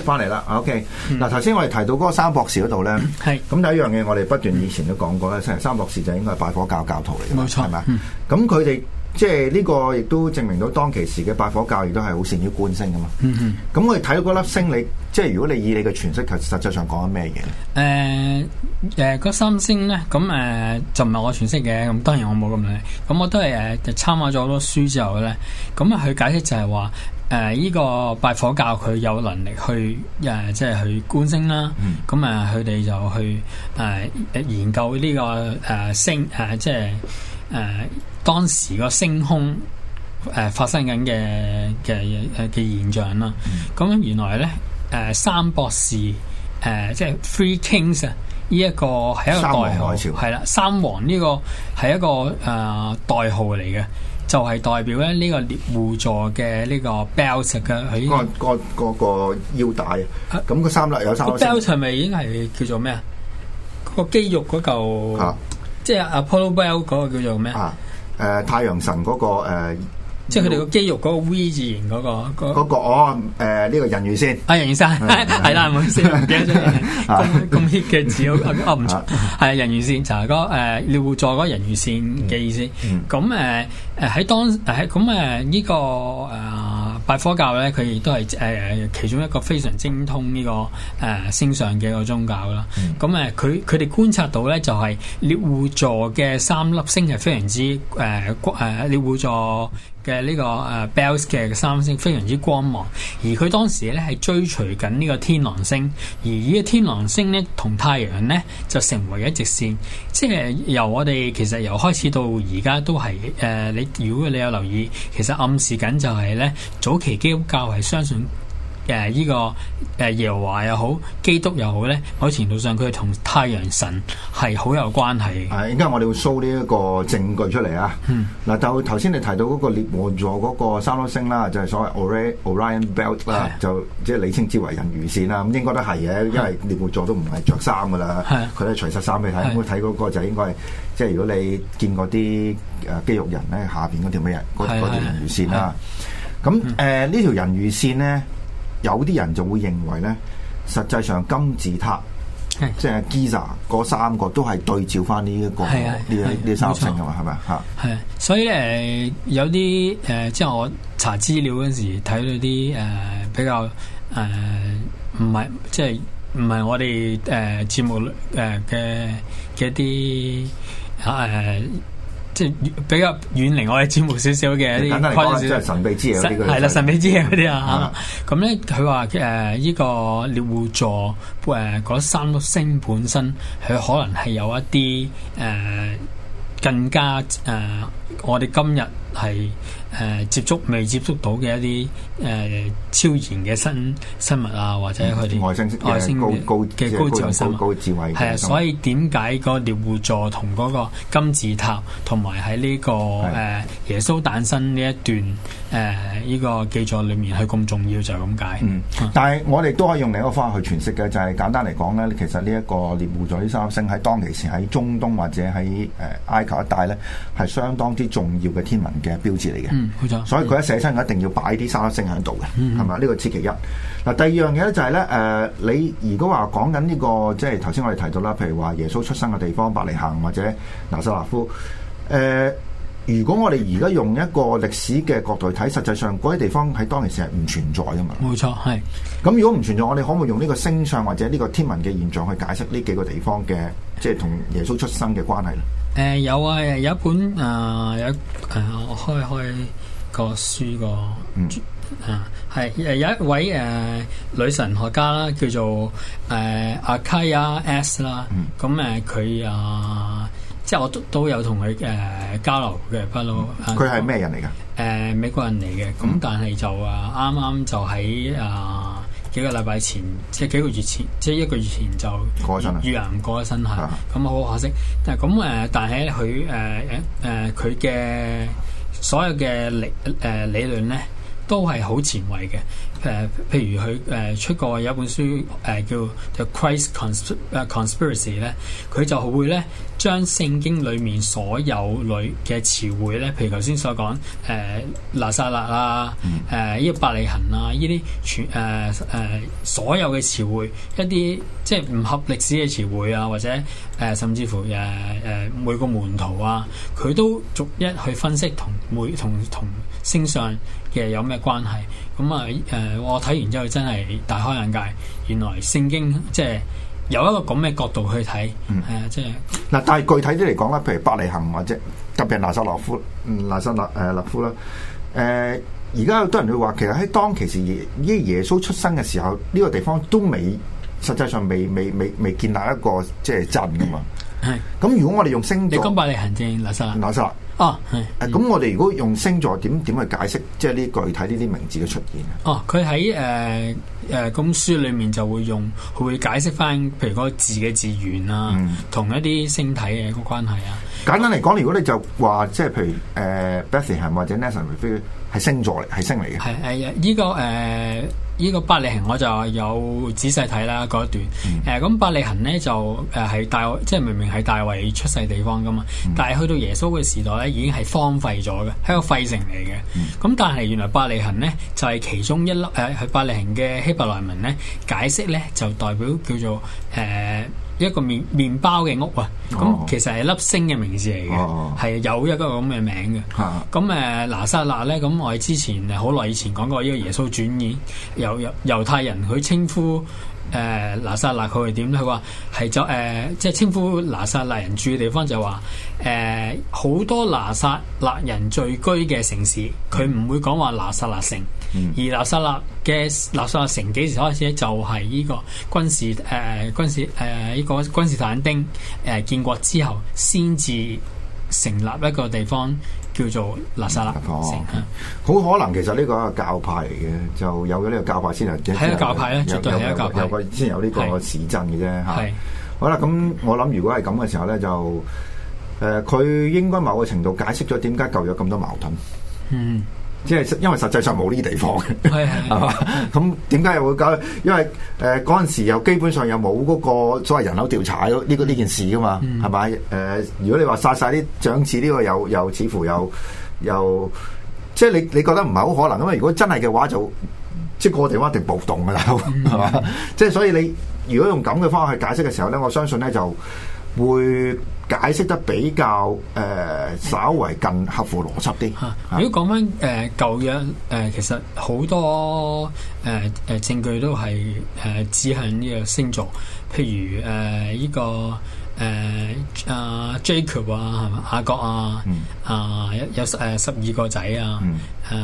翻嚟啦，OK、嗯。嗱，頭先我哋提到嗰個三博士嗰度咧，係咁是第一樣嘢，我哋不斷以前都講過咧，即係三博士就應該係拜火教教徒嚟嘅，冇錯，係咪吧？咁佢哋。即係呢個亦都證明到當其時嘅拜火教亦都係好善於觀星噶嘛。嗯、mm hmm. 嗯。咁我哋睇到嗰粒星，你即係如果你以你嘅詮釋，其實實際上講緊咩嘢咧？誒誒、呃，個、呃、三星咧，咁、呃、誒就唔係我詮釋嘅，咁當然我冇咁叻。咁、嗯、我都係誒、呃、參考咗好多書之後咧，咁啊佢解釋就係話誒呢個拜火教佢有能力去誒即係去觀星啦。咁啊、嗯，佢哋、嗯、就去誒、呃、研究呢、這個誒、呃、星誒、呃、即係。誒、呃、當時個星空誒、呃、發生緊嘅嘅嘅現象啦，咁、呃呃、原來咧誒、呃、三博士誒、呃、即係 Three Kings 啊，呢、這、一個係一個代號，係啦，三王呢個係一個誒、呃、代號嚟嘅，就係、是、代表咧呢、這個獵戶座嘅呢個 Belt 嘅佢、啊哎呀。個個個腰帶，咁、啊、個三粒有三粒。Belt 咪已經係叫做咩啊？個肌肉嗰嚿、啊。啊即係 Apollo Bell 嗰個叫做咩？啊，誒、呃、太陽神嗰、那個誒，呃、即係佢哋個肌肉嗰個 V 字形嗰、那個嗰。嗰個哦，誒、呃、呢、這個人魚線。啊，人魚線係啦，唔好意思，唔記得咗，咁咁嘅字，我我唔錯。係、erm. 啊呃、人魚線，就係嗰誒，要互助嗰人魚線嘅意思。咁誒誒喺當喺咁誒呢個誒。大科教咧，佢亦都係誒其中一個非常精通呢個誒星相嘅一個宗教啦。咁誒、嗯，佢佢哋觀察到咧，就係獵戶座嘅三粒星係非常之誒誒，獵、呃呃、戶座。嘅呢個誒 Bells 嘅三星非常之光芒，而佢當時咧係追隨緊呢個天狼星，而呢個天狼星咧同太陽咧就成為一直線，即係由我哋其實由開始到而家都係誒、呃，你如果你有留意，其實暗示緊就係咧早期基督教係相信。誒，依個誒，耶和華又好，基督又好咧，某程度上佢係同太陽神係好有關係。係，依家我哋會 show 呢一個證據出嚟啊。嗱、嗯，就頭先你提到嗰個獵戶座嗰個三顆星啦、啊，就係、是、所謂 Orion Belt 啦、啊的，就即係你稱之為人魚線啦、啊。咁應該都係嘅、啊，因為獵戶座都唔係着衫噶啦。佢係除晒衫俾睇，咁睇嗰個就應該係，即係如果你見嗰啲誒肌肉人咧，下邊嗰條咩人，嗰嗰條人魚線啦、啊。咁誒，呢條、呃嗯、人魚線咧？有啲人就會認為咧，實際上金字塔是即係 Giza 嗰三個都係對照翻呢一個呢呢的三層嘅嘛，係咪啊？係吧，所以誒有啲誒即係我查資料嗰時睇到啲誒比較誒唔係即係唔係我哋誒、呃、節目誒嘅嘅一啲嚇誒。呃即係比較遠離我哋節目少少嘅一啲，簡單嚟講，神秘之嘢啦，神秘之嘢嗰啲啊，咁咧佢話誒呢個獵戶座嗰、呃、三粒星本身，佢可能係有一啲誒、呃、更加誒、呃、我哋今日，係誒、呃、接觸未接觸到嘅一啲誒、呃、超然嘅新生，生物啊，或者佢哋外星式嘅高嘅高智高，高，高智慧。係啊，所以點解個獵戶座同嗰個金字塔同埋喺呢個誒的、呃、耶穌誕生呢一段誒呢、呃這個記載裏面係咁重要就係咁解。嗯啊、但係我哋都可以用另一個方法去詮釋嘅，就係、是、簡單嚟講咧，其實呢一個獵戶座呢，三星喺當其時喺中東，東，東或者喺誒埃及一帶咧係相當之重要嘅天文。嘅標誌嚟嘅，嗯、所以佢一寫身，嗯、一定要擺啲沙星喺度嘅，係咪、嗯嗯？呢個切其一。嗱，第二樣嘢咧就係、是、咧，誒、呃，你如果話講緊呢個，即係頭先我哋提到啦，譬如話耶穌出生嘅地方伯利恒或者拿撒勒夫，誒、呃。如果我哋而家用一個歷史嘅角度嚟睇，實際上嗰啲地方喺當年時係唔存在嘅嘛？冇錯，係。咁如果唔存在，我哋可唔可以用呢個星象或者呢個天文嘅現象去解釋呢幾個地方嘅，即係同耶穌出生嘅關係咧？誒、呃、有啊，有一本啊、呃，有、呃、我開開個書個，嗯啊，係誒、呃、有一位誒、呃、女神學家啦，叫做誒阿卡亞 S 啦，咁誒佢啊。即係我都都有同佢誒交流嘅，不嬲佢係咩人嚟㗎？誒、呃、美國人嚟嘅咁，嗯嗯、但係就啊，啱啱就喺啊幾個禮拜前，即係幾個月前，即係一個月前就咗遇人過咗身嚇咁，好可惜。但係咁誒，但係咧，佢誒誒佢嘅所有嘅理誒理論咧，都係好前衞嘅誒。譬如佢誒出過有一本書誒叫，叫 The Christ Conspiracy 咧、啊，佢、啊、就會咧。將聖經裏面所有類嘅詞彙咧，譬如頭先所講，誒、呃、拿撒勒啊，誒、呃、依、這個伯利恆啊，呢啲全誒誒、呃呃、所有嘅詞彙，一啲即係唔合歷史嘅詞彙啊，或者誒、呃、甚至乎誒誒、呃、每個門徒啊，佢都逐一去分析同每同同，同星象嘅有咩關係。咁啊誒、呃，我睇完之後真係大開眼界，原來聖經即係。有一個咁嘅角度去睇，係啊、嗯，即係嗱，但係具體啲嚟講咧，譬如伯利恒或者特別係拿撒羅夫、拿撒勒誒、拿夫啦，誒、呃，而家好多人會話，其實喺當其時耶，依耶穌出生嘅時候，呢、這個地方都未實際上未未未未,未建立一個即係鎮噶嘛。係咁是、嗯，如果我哋用星座，你講伯利恒正拿撒拿撒。哦，係、啊，誒，咁我哋如果用星座點點去解釋，即係呢具體呢啲名字嘅出現咧？哦，佢喺誒誒本書裏面就會用，會解釋翻，譬如嗰個字嘅字源啦、啊，同、嗯、一啲星體嘅一個關係啊。簡單嚟講，如果你就話，即係譬如誒、呃、Bethany 或者 Nathan，除非係星座嚟，係星嚟嘅。係誒、啊，依、這個誒。呃呢個伯利恒我就有仔細睇啦，嗰一段。誒咁伯利恒咧就誒係大即係明明係大衛出世地方噶嘛。嗯、但係去到耶穌嘅時代咧已經係荒廢咗嘅，係個廢城嚟嘅。咁、嗯、但係原來伯利恒咧就係、是、其中一粒誒係伯利恒嘅希伯來文咧解釋咧就代表叫做誒。呃一個麵麵包嘅屋啊，咁其實係粒星嘅名字嚟嘅，係有一個咁嘅名嘅。咁誒，拿撒勒咧，咁我哋之前好耐以前講過呢個耶穌轉意，猶猶猶太人佢稱呼誒拿撒勒，佢係點咧？佢話係就誒，即係稱呼拿撒勒人住嘅地方就話，誒好多拿撒勒人聚居嘅城市，佢唔會講話拿撒勒城。而納薩勒嘅納薩勒城幾時開始咧？就係呢個軍事誒、呃、軍事誒呢、呃、個君士坦丁誒、呃、建國之後，先至成立一個地方叫做納薩勒。哦，好、嗯、可能其實呢個係教派嚟嘅，就有咗呢個教派先嚟。係一、嗯就是、教派咧，有絕對係一教派先有呢個,派個市陣嘅啫。係。好啦，咁我諗如果係咁嘅時候咧，就誒佢、呃、應,應該某個程度解釋咗點解舊咗咁多矛盾。嗯。即係，因為實際上冇呢啲地方嘅，係嘛？ 咁點解又會搞？因為誒嗰陣時又基本上又冇嗰個所謂人口調查呢、這個呢、這個、件事噶嘛？係咪、嗯？誒、呃，如果你話殺晒啲長子呢、這個又又似乎又又即係你你覺得唔係好可能，因為如果真係嘅話就，就即係個地方一定暴動噶啦，係嘛、嗯？ 即係所以你如果用咁嘅方法去解釋嘅時候咧，我相信咧就會。解釋得比較誒，稍微更合乎邏輯啲。如果講翻誒舊約誒，其實好多誒誒證據都係誒指向呢個星座，譬如誒依個誒阿 Jacob 啊，係咪？雅各啊，啊有有十二個仔啊，誒誒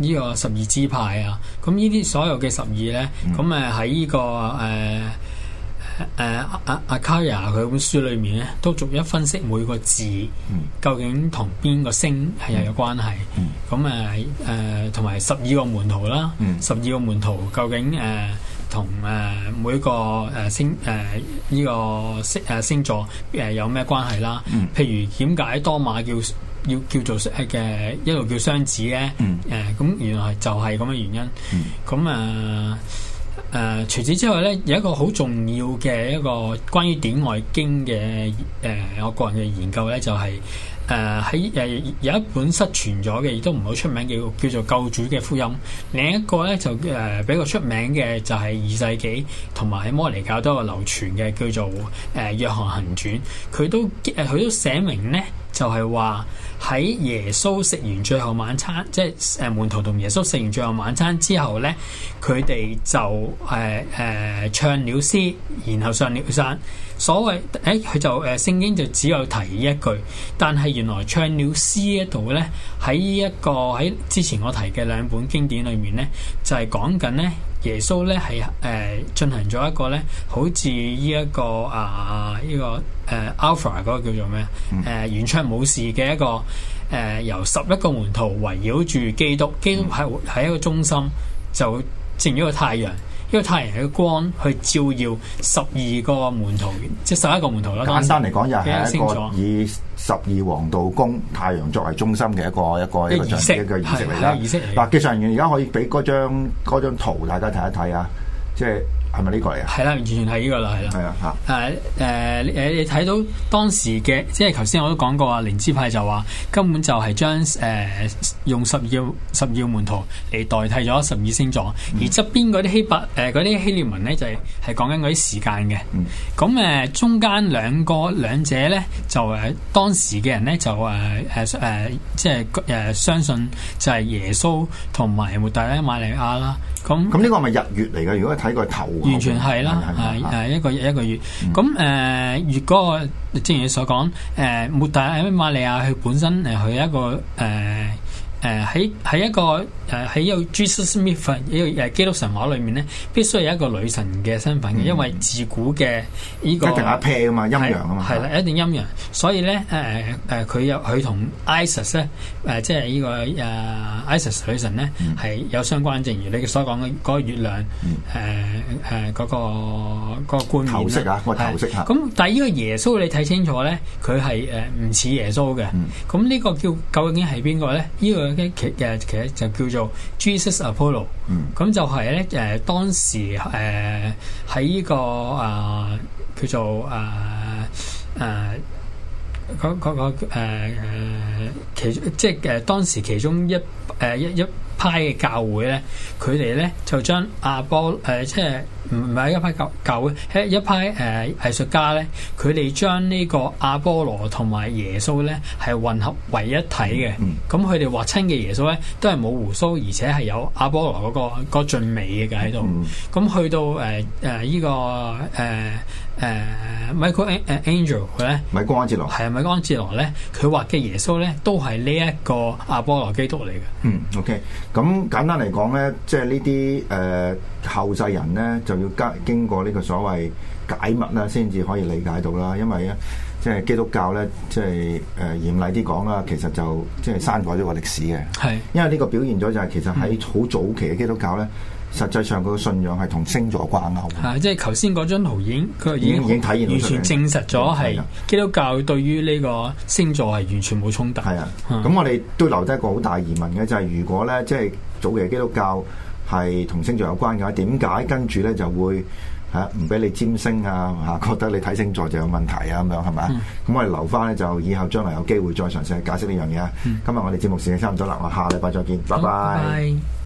依個十二支派啊，咁呢啲所有嘅十二咧，咁誒喺呢個誒。誒阿阿卡雅佢本書裏面咧，都逐一分析每個字究竟同邊個星係又有關係。咁誒誒，同埋、uh, uh, 十二個門徒啦，嗯、十二個門徒究竟誒同誒每個誒、uh, 星誒呢、uh, 個星誒星座誒有咩關係啦？譬如點解，解多馬叫要叫做嘅一路叫雙子咧？誒咁、嗯啊、原來就係咁嘅原因。咁啊、嗯、～、嗯 uh 誒、呃、除此之外咧，有一個好重要嘅一個關於典外經嘅誒、呃，我個人嘅研究咧，就係誒喺誒有一本失傳咗嘅，亦都唔好出名叫叫做救主嘅福音。另一個咧就誒、呃、比較出名嘅就係二世紀同埋喺摩尼教都有流傳嘅叫做誒、呃、約翰行傳。佢都誒佢都寫明咧，就係、是、話。喺耶穌食完最後晚餐，即係誒門徒同耶穌食完最後晚餐之後咧，佢哋就誒誒、呃呃、唱了詩，然後上了山。所謂誒佢就誒聖、呃、經就只有提一句，但係原來唱了詩呢度咧，喺呢一個喺之前我提嘅兩本經典裏面咧，就係講緊咧。耶穌咧係誒進行咗一個咧，好似呢一個啊依、呢個誒、呃、Alpha 嗰個叫做咩誒圓桌武士嘅一個誒、呃、由十一個門徒圍繞住基督，基督係喺一個中心，就正咗一個太陽。因為太陽嘅光去照耀十二個門徒，即係十一個門徒啦。簡單嚟講，又係一個以十二黃道宮太陽作為中心嘅一個一個一個儀式，一個儀式嚟噶。嗱，技術人員而家可以俾嗰張嗰張圖，大家睇一睇啊，即係。係咪呢個嚟啊？係啦，完全係呢個啦，係啦。係啊，吓。誒，誒，你睇到當時嘅，即係頭先我都講過啊，靈知派就話根本就係將誒用十二十二門徒嚟代替咗十二星座，而側邊嗰啲希伯誒啲希列文咧就係係講緊嗰啲時間嘅。嗯。咁誒，中間兩個兩者咧就誒，當時嘅人咧就誒誒誒，即係誒相信就係耶穌同埋抹大拉瑪利亞啦。咁咁呢個係咪日月嚟嘅。如果睇個頭。完全係啦，係係一個一個月。咁誒，如果正如你所講，誒、呃，沒但係瑪利亞，佢本身誒，佢一個，誒、呃。誒喺喺一個誒喺有 Jesus 咩份呢個誒基督神話裏面咧，必須有一個女神嘅身份嘅，嗯、因為自古嘅呢個一定 pair 啊嘛，陰陽啊嘛，係啦，一定陰陽。嗯、所以咧誒誒佢有佢同 Isis 咧誒即係呢、呃呃啊就是這個誒 Isis 女神咧係有相關，正如你所講嘅嗰個月亮誒誒嗰個嗰、呃這個冠冕啊，個頭飾啊。咁、啊、但係呢個耶穌你睇清楚咧，佢係誒唔似耶穌嘅。咁呢、嗯嗯、個叫究竟係邊、這個咧？呢個嘅其嘅其實就叫做 Jesus、嗯、Apollo，咁就係咧誒，當時誒喺呢個啊、呃、叫做誒誒嗰誒，個、呃呃、其即係誒當時其中一誒一、呃、一。一派嘅教會咧，佢哋咧就將阿波誒、呃，即係唔唔係一派教教會，一一派誒、呃、藝術家咧，佢哋將呢個阿波羅同埋耶穌咧係混合為一體嘅。咁佢哋畫親嘅耶穌咧，都係冇鬍鬚，而且係有阿波羅嗰、嗰個俊、嗰個、美嘅喺度。咁、嗯、去到誒誒呢個誒。呃誒、uh, Michael Angel 佢咧，米光安哲羅係啊，米光安哲羅咧，佢畫嘅耶穌咧，都係呢一個阿波羅基督嚟嘅。嗯，OK。咁簡單嚟講咧，即係呢啲誒後世人咧，就要經經過呢個所謂解密啦，先至可以理解到啦。因為咧，即、就、係、係、基督教咧，即係誒嚴厲啲講啦，其實就即係刪改咗個歷史嘅。係是，因為呢個表現咗就係、係、其實喺好早期嘅基督教咧。實際上佢個信仰係同星座有關嘅，係、啊、即係頭先嗰張圖影，佢已經，已經,已，經已經體現完全證實咗係基督教對於呢個星座係完全冇衝突。係啊的，咁、嗯、我哋都留低一個好大疑問嘅，就係、是、如果咧，即係早期基督教係同星座有關嘅話，點解跟住咧就會吓唔俾你占星啊？吓、啊啊、覺得你睇星座就有問題啊？咁樣係咪？咁、嗯、我哋留翻咧，就以後將來有機會再嘗試解釋呢樣嘢。嗯、今日我哋節目時間差唔多啦，我下禮拜再見，拜拜。